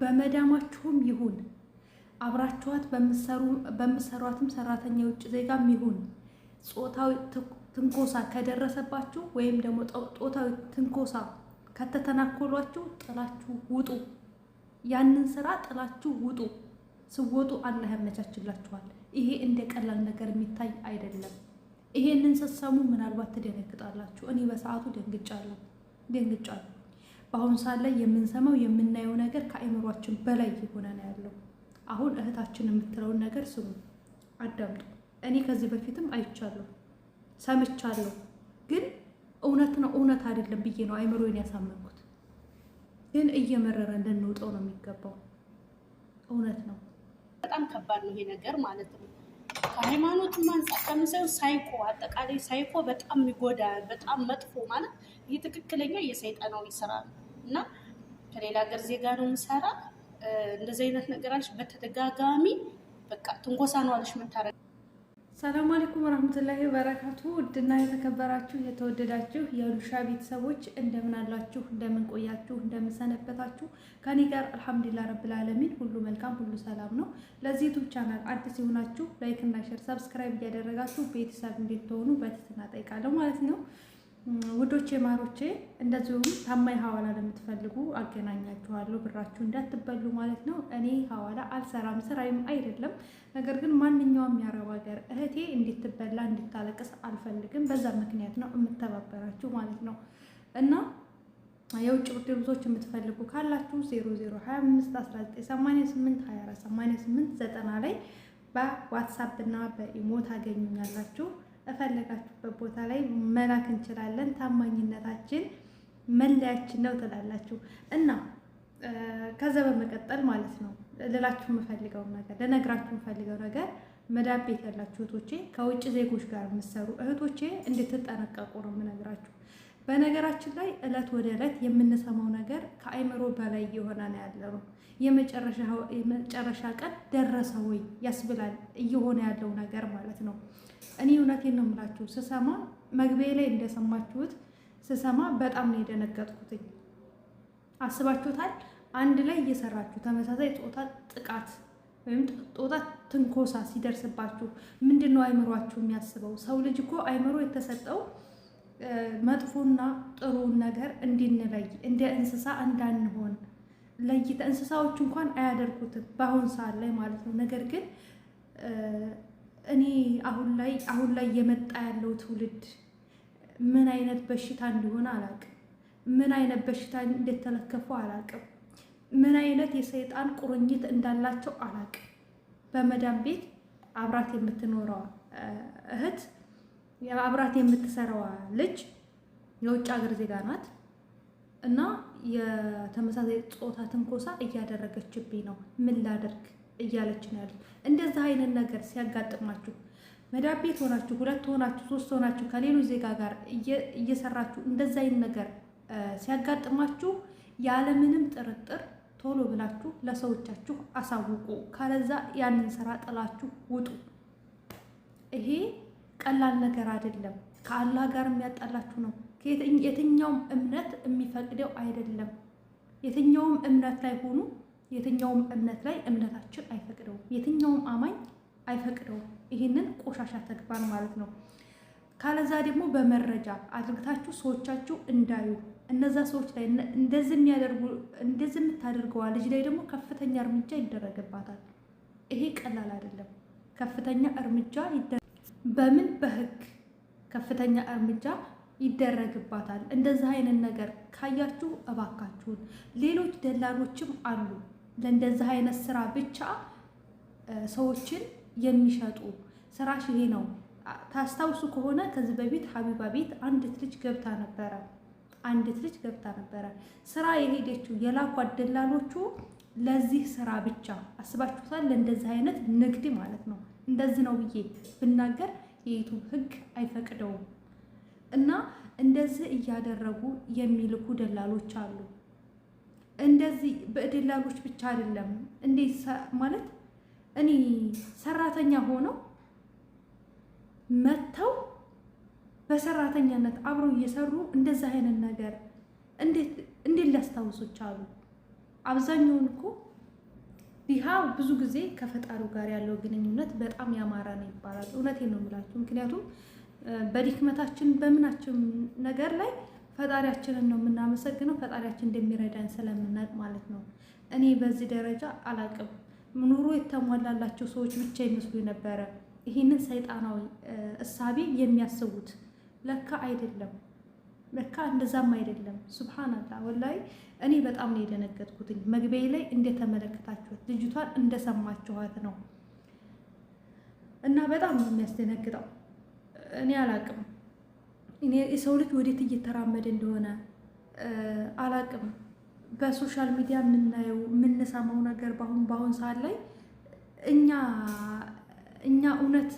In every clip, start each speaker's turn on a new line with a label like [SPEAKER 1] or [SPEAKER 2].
[SPEAKER 1] በመዳማችሁም ይሁን አብራችኋት በምሰሯትም ሰራተኛ የውጭ ዜጋም ይሁን ጾታዊ ትንኮሳ ከደረሰባችሁ ወይም ደግሞ ጾታዊ ትንኮሳ ከተተናኮሏችሁ ጥላችሁ ውጡ። ያንን ስራ ጥላችሁ ውጡ። ስወጡ አላህ ያመቻችላችኋል። ይሄ እንደ ቀላል ነገር የሚታይ አይደለም። ይሄንን ስትሰሙ ምናልባት ትደነግጣላችሁ። እኔ በሰዓቱ ደንግጫለሁ ደንግጫለሁ። በአሁኑ ሰዓት ላይ የምንሰማው የምናየው ነገር ከአይምሯችን በላይ የሆነ ነው ያለው። አሁን እህታችን የምትለውን ነገር ስሙ፣ አዳምጡ። እኔ ከዚህ በፊትም አይቻለሁ፣ ሰምቻለሁ፣ ግን እውነት ነው እውነት አይደለም ብዬ ነው አይምሮን ያሳመንኩት። ግን እየመረረን ልንውጠው ነው የሚገባው። እውነት ነው። በጣም ከባድ ነው ይሄ ነገር ማለት ነው። ከሃይማኖት አንጻር ከምሰው ሳይኮ አጠቃላይ ሳይኮ በጣም ይጎዳል። በጣም መጥፎ ማለት ይህ ትክክለኛ የሰይጣናዊ ስራ ነው እና ከሌላ ሀገር ዜጋ ነው የምሰራ እንደዚህ አይነት ነገር አለሽ በተደጋጋሚ በቃ ትንኮሳ ነው አለሽ መታረ ሰላም አለይኩም ወራህመቱላሂ ወበረካቱ። ውድና የተከበራችሁ የተወደዳችሁ የሉሻ ቤተሰቦች እንደምን አላችሁ? እንደምን ቆያችሁ? እንደምን ሰነበታችሁ? ከኔ ጋር አልሐምዱሊላህ ረብል ዓለሚን ሁሉ መልካም፣ ሁሉ ሰላም ነው። ለዚህ ዩቲዩብ ቻናል አዲስ የሆናችሁ ላይክ እና ሼር፣ ሰብስክራይብ እያደረጋችሁ ቤተሰብ እንድትሆኑ በትህትና እጠይቃለሁ ማለት ነው። ውዶቼ ማሮቼ፣ እንደዚሁም ታማኝ ሀዋላ ለምትፈልጉ አገናኛችኋለሁ። ብራችሁ እንዳትበሉ ማለት ነው። እኔ ሀዋላ አልሰራም፣ ስራዬም አይደለም። ነገር ግን ማንኛውም የአረብ ሀገር እህቴ እንድትበላ እንድታለቅስ አልፈልግም። በዛ ምክንያት ነው የምተባበራችሁ ማለት ነው እና የውጭ ብርድ የምትፈልጉ ካላችሁ 00251988248890 ላይ በዋትሳፕ እና በኢሞ ታገኙኛላችሁ። እፈለጋችሁበት ቦታ ላይ መላክ እንችላለን። ታማኝነታችን መለያችን ነው ትላላችሁ እና ከዛ በመቀጠል ማለት ነው ልላችሁ የምፈልገው ነገር ልነግራችሁ የምፈልገው ነገር መዳብ ቤት ያላችሁ እህቶቼ፣ ከውጭ ዜጎች ጋር የምትሰሩ እህቶቼ እንድትጠነቀቁ ነው የምነግራችሁ። በነገራችን ላይ እለት ወደ እለት የምንሰማው ነገር ከአይምሮ በላይ እየሆነ ነው ያለ ነው። የመጨረሻ ቀን ደረሰ ወይ ያስብላል እየሆነ ያለው ነገር ማለት ነው። እኔ እውነቴን ነው የምላችሁ፣ ስሰማ መግቢያ ላይ እንደሰማችሁት ስሰማ በጣም ነው የደነገጥኩትኝ። አስባችሁታል? አንድ ላይ እየሰራችሁ ተመሳሳይ ጾታ ጥቃት ወይም ጦጣ ትንኮሳ ሲደርስባችሁ ምንድን ነው አይምሯችሁ የሚያስበው? ሰው ልጅ እኮ አይምሮ የተሰጠው መጥፎና ጥሩን ነገር እንድንለይ እንደ እንስሳ እንዳንሆን ለይተ እንስሳዎች እንኳን አያደርጉትም በአሁን ሰዓት ላይ ማለት ነው። ነገር ግን እኔ አሁን ላይ አሁን ላይ የመጣ ያለው ትውልድ ምን አይነት በሽታ እንደሆነ አላቅም። ምን አይነት በሽታ እንደተለከፉ አላቅም። ምን አይነት የሰይጣን ቁርኝት እንዳላቸው አላቅም። በመዳም ቤት አብራት የምትኖረው እህት አብራት የምትሰራዋ ልጅ የውጭ ሀገር ዜጋ ናት እና የተመሳሳይ ጾታ ትንኮሳ እያደረገችብኝ ነው፣ ምን ላደርግ እያለች ነው ያሉት። እንደዛ አይነት ነገር ሲያጋጥማችሁ መዳብ ቤት ሆናችሁ ሁለት ሆናችሁ ሶስት ሆናችሁ ከሌሎች ዜጋ ጋር እየሰራችሁ እንደዛ አይነት ነገር ሲያጋጥማችሁ ያለምንም ጥርጥር ቶሎ ብላችሁ ለሰዎቻችሁ አሳውቁ። ካለዛ ያንን ስራ ጥላችሁ ውጡ። ይሄ ቀላል ነገር አይደለም። ከአላህ ጋር የሚያጣላችሁ ነው። የትኛውም እምነት የሚፈቅደው አይደለም። የትኛውም እምነት ላይ ሆኑ የትኛውም እምነት ላይ እምነታችን አይፈቅደውም። የትኛውም አማኝ አይፈቅደውም። ይህንን ቆሻሻ ተግባር ማለት ነው። ካለዛ ደግሞ በመረጃ አድርግታችሁ ሰዎቻችሁ እንዳዩ እነዛ ሰዎች ላይ እንደዚህ የምታደርገዋ ልጅ ላይ ደግሞ ከፍተኛ እርምጃ ይደረግባታል። ይሄ ቀላል አይደለም። ከፍተኛ እርምጃ በምን በህግ ከፍተኛ እርምጃ ይደረግባታል። እንደዚህ አይነት ነገር ካያችሁ እባካችሁን፣ ሌሎች ደላሎችም አሉ ለእንደዚህ አይነት ስራ ብቻ ሰዎችን የሚሸጡ ስራሽ ይሄ ነው። ታስታውሱ ከሆነ ከዚህ በፊት ሀቢባ ቤት አንዲት ልጅ ገብታ ነበረ። አንዲት ልጅ ገብታ ነበረ ስራ የሄደችው የላኳት ደላሎቹ ለዚህ ስራ ብቻ አስባችሁታል። ለእንደዚህ አይነት ንግድ ማለት ነው። እንደዚህ ነው ብዬ ብናገር የዩቱብ ህግ አይፈቅደውም። እና እንደዚህ እያደረጉ የሚልኩ ደላሎች አሉ። እንደዚህ በደላሎች ብቻ አይደለም እንዴት ማለት እኔ ሰራተኛ ሆነው መጥተው በሰራተኛነት አብረው እየሰሩ እንደዚህ አይነት ነገር እንዴት ሊያስታውሶች አሉ አብዛኛውን እኮ ዲሃ ብዙ ጊዜ ከፈጣሪው ጋር ያለው ግንኙነት በጣም ያማረ ነው ይባላል። እውነቴን ነው የምላችሁ። ምክንያቱም በድክመታችን በምናችን ነገር ላይ ፈጣሪያችንን ነው የምናመሰግነው፣ ፈጣሪያችን እንደሚረዳን ስለምናውቅ ማለት ነው። እኔ በዚህ ደረጃ አላቅም። ኑሮ የተሟላላቸው ሰዎች ብቻ ይመስሉ ነበረ። ይህንን ሰይጣናዊ እሳቤ የሚያስቡት ለካ አይደለም። ለካ እንደዛም አይደለም። ሱብሃናላህ ወላሂ እኔ በጣም ነው የደነገጥኩትኝ። መግቢያ ላይ እንደተመለከታችኋት ልጅቷን እንደሰማችኋት ነው እና በጣም ነው የሚያስደነግጠው። እኔ አላቅም የሰው ልጅ ወዴት እየተራመደ እንደሆነ አላቅም። በሶሻል ሚዲያ የምናየው የምንሰማው ነገር በአሁን በአሁን ሰዓት ላይ እኛ እኛ እውነት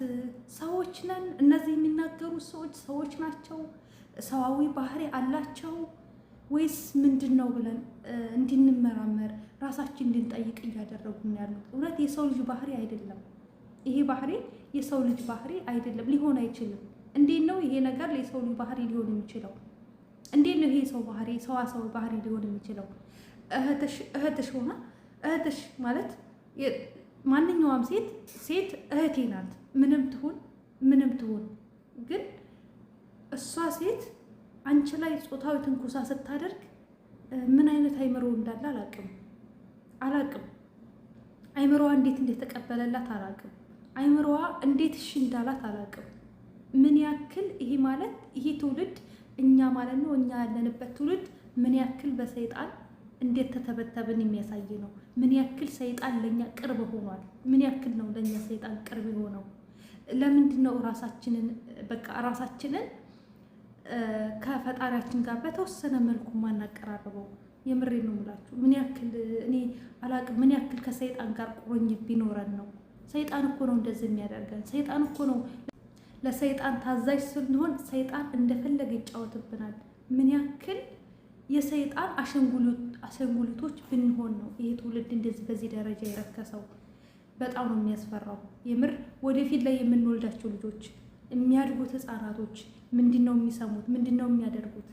[SPEAKER 1] ሰዎች ነን? እነዚህ የሚናገሩት ሰዎች ሰዎች ናቸው ሰዋዊ ባህሪ አላቸው ወይስ ምንድን ነው ብለን እንድንመራመር ራሳችን እንድንጠይቅ እያደረጉን ያሉት። እውነት የሰው ልጅ ባህሪ አይደለም ይሄ ባህሪ የሰው ልጅ ባህሪ አይደለም፣ ሊሆን አይችልም። እንዴት ነው ይሄ ነገር የሰው ልጅ ባህሪ ሊሆን የሚችለው? እንዴት ነው ይሄ ሰው ባህሪ ሰው ባህሪ ሊሆን የሚችለው? እህትሽ ሆና እህትሽ ማለት ማንኛውም ሴት ሴት እህቴ ናት። ምንም ትሁን ምንም ትሁን ግን እሷ ሴት አንቺ ላይ ጾታዊ ትንኩሳ ስታደርግ ምን አይነት አይምሮ እንዳለ አላቅም አላቅም። አይምሮዋ እንዴት እንደተቀበለላት አላቅም። አይምሮዋ እንዴት እሺ እንዳላት አላቅም። ምን ያክል ይሄ ማለት ይሄ ትውልድ እኛ ማለት ነው እኛ ያለንበት ትውልድ ምን ያክል በሰይጣን እንዴት ተተበተብን የሚያሳይ ነው። ምን ያክል ሰይጣን ለእኛ ቅርብ ሆኗል? ምን ያክል ነው ለእኛ ሰይጣን ቅርብ የሆነው? ለምንድን ነው ራሳችንን በቃ ራሳችንን ከፈጣሪያችን ጋር በተወሰነ መልኩ ማናቀራርበው የምሬ ነው ምላችሁ። ምን ያክል እኔ አላቅ ምን ያክል ከሰይጣን ጋር ቁርኝት ቢኖረን ነው። ሰይጣን እኮ ነው እንደዚህ የሚያደርገን። ሰይጣን እኮ ነው ለሰይጣን ታዛዥ ስንሆን ሰይጣን እንደፈለገ ይጫወትብናል። ምን ያክል የሰይጣን አሸንጉሊቶች ብንሆን ነው ይሄ ትውልድ እንደዚህ በዚህ ደረጃ የረከሰው? በጣም ነው የሚያስፈራው የምር ወደፊት ላይ የምንወልዳቸው ልጆች የሚያድጉት ህጻናቶች ምንድን ነው የሚሰሙት? ምንድን ነው የሚያደርጉት?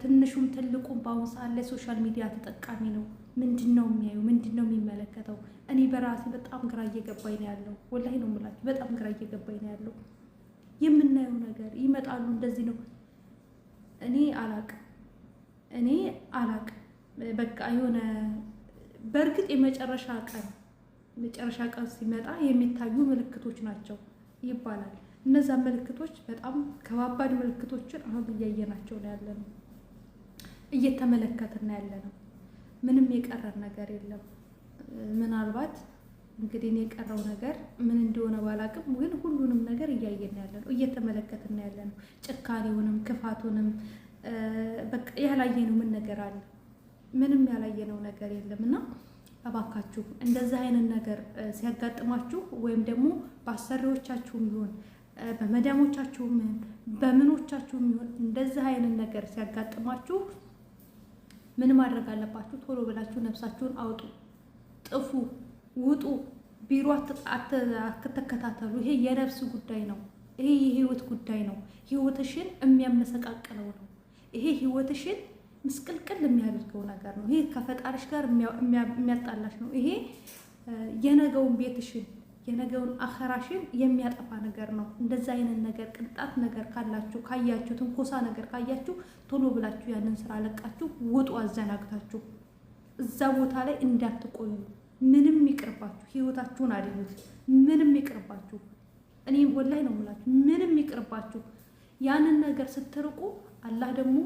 [SPEAKER 1] ትንሹም ትልቁም በአሁኑ ሰዓት ላይ ሶሻል ሚዲያ ተጠቃሚ ነው። ምንድን ነው የሚያዩ? ምንድን ነው የሚመለከተው? እኔ በራሴ በጣም ግራ እየገባኝ ነው ያለው። ወላሂ ነው የምላችሁ፣ በጣም ግራ እየገባኝ ነው ያለው። የምናየው ነገር ይመጣሉ፣ እንደዚህ ነው። እኔ አላቅ እኔ አላቅ በቃ የሆነ በእርግጥ የመጨረሻ ቀን መጨረሻ ቀን ሲመጣ የሚታዩ ምልክቶች ናቸው ይባላል እነዛ ምልክቶች በጣም ከባባድ ምልክቶችን አሁን እያየናቸው ነው ያለ ነው እየተመለከትና ያለ ነው። ምንም የቀረን ነገር የለም። ምናልባት እንግዲህ እኔ የቀረው ነገር ምን እንደሆነ ባላቅም፣ ግን ሁሉንም ነገር እያየን ያለ ነው እየተመለከትና ያለ ነው። ጭካኔውንም ክፋቱንም በቃ ያላየነው ምን ነገር አለ? ምንም ያላየነው ነገር የለም እና እባካችሁ እንደዚህ አይነት ነገር ሲያጋጥማችሁ ወይም ደግሞ በአሰሪዎቻችሁም ቢሆን? በመዳሞቻችሁም በምኖቻችሁም ይሆን እንደዚህ አይነት ነገር ሲያጋጥማችሁ ምን ማድረግ አለባችሁ? ቶሎ ብላችሁ ነፍሳችሁን አውጡ፣ ጥፉ፣ ውጡ። ቢሮ አትተከታተሉ። ይሄ የነፍስ ጉዳይ ነው። ይሄ የህይወት ጉዳይ ነው። ህይወትሽን የሚያመሰቃቅለው ነው። ይሄ ህይወትሽን ምስቅልቅል የሚያደርገው ነገር ነው። ይሄ ከፈጣሪሽ ጋር የሚያጣላሽ ነው። ይሄ የነገውን ቤትሽን የነገውን አኸራሽን የሚያጠፋ ነገር ነው። እንደዛ አይነት ነገር ቅንጣት ነገር ካላችሁ ካያችሁ፣ ትንኮሳ ነገር ካያችሁ ቶሎ ብላችሁ ያንን ስራ ለቃችሁ ውጡ። አዘናግታችሁ እዛ ቦታ ላይ እንዳትቆዩ። ምንም ይቅርባችሁ፣ ህይወታችሁን አድኙት። ምንም ይቅርባችሁ፣ እኔ ወላይ ነው የምላችሁ፣ ምንም ይቅርባችሁ። ያንን ነገር ስትርቁ አላህ ደግሞ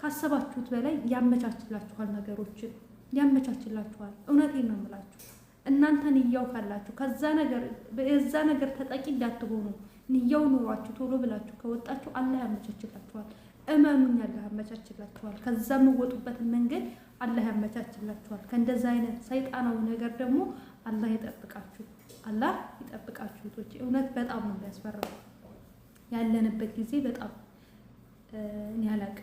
[SPEAKER 1] ካሰባችሁት በላይ ያመቻችላችኋል፣ ነገሮችን ያመቻችላችኋል። እውነቴን ነው የምላችሁ። እናንተን እያው ካላችሁ ከዛ ነገር በዛ ነገር ተጠቂ እንዳትሆኑ ንያው ኑሯችሁ ቶሎ ብላችሁ ከወጣችሁ አላህ ያመቻችላችኋል። እመኑኝ አላህ ያመቻችላችኋል። ከዛ የምወጡበትን መንገድ አላህ ያመቻችላችኋል። ከእንደዛ አይነት ሰይጣናዊ ነገር ደግሞ አላህ ይጠብቃችሁ፣ አላህ ይጠብቃችሁ። ቶች እውነት በጣም ነው የሚያስፈራው ያለንበት ጊዜ በጣም ያላቅ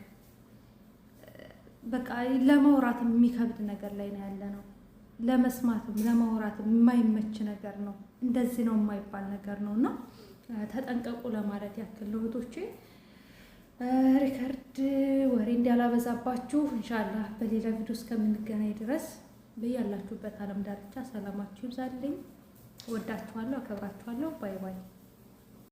[SPEAKER 1] በቃ ለመውራት የሚከብድ ነገር ላይ ነው ያለ ነው። ለመስማትም ለማውራትም የማይመች ነገር ነው። እንደዚህ ነው የማይባል ነገር ነው እና ተጠንቀቁ ለማለት ያክል ነው እህቶቼ። ሪከርድ ወሬ እንዲያላበዛባችሁ እንሻላ በሌላ ቪዲዮ እስከምንገናኝ ድረስ በያላችሁበት ዓለም ዳርቻ ሰላማችሁ ይብዛልኝ። ወዳችኋለሁ፣ አከብራችኋለሁ። ባይ ባይ።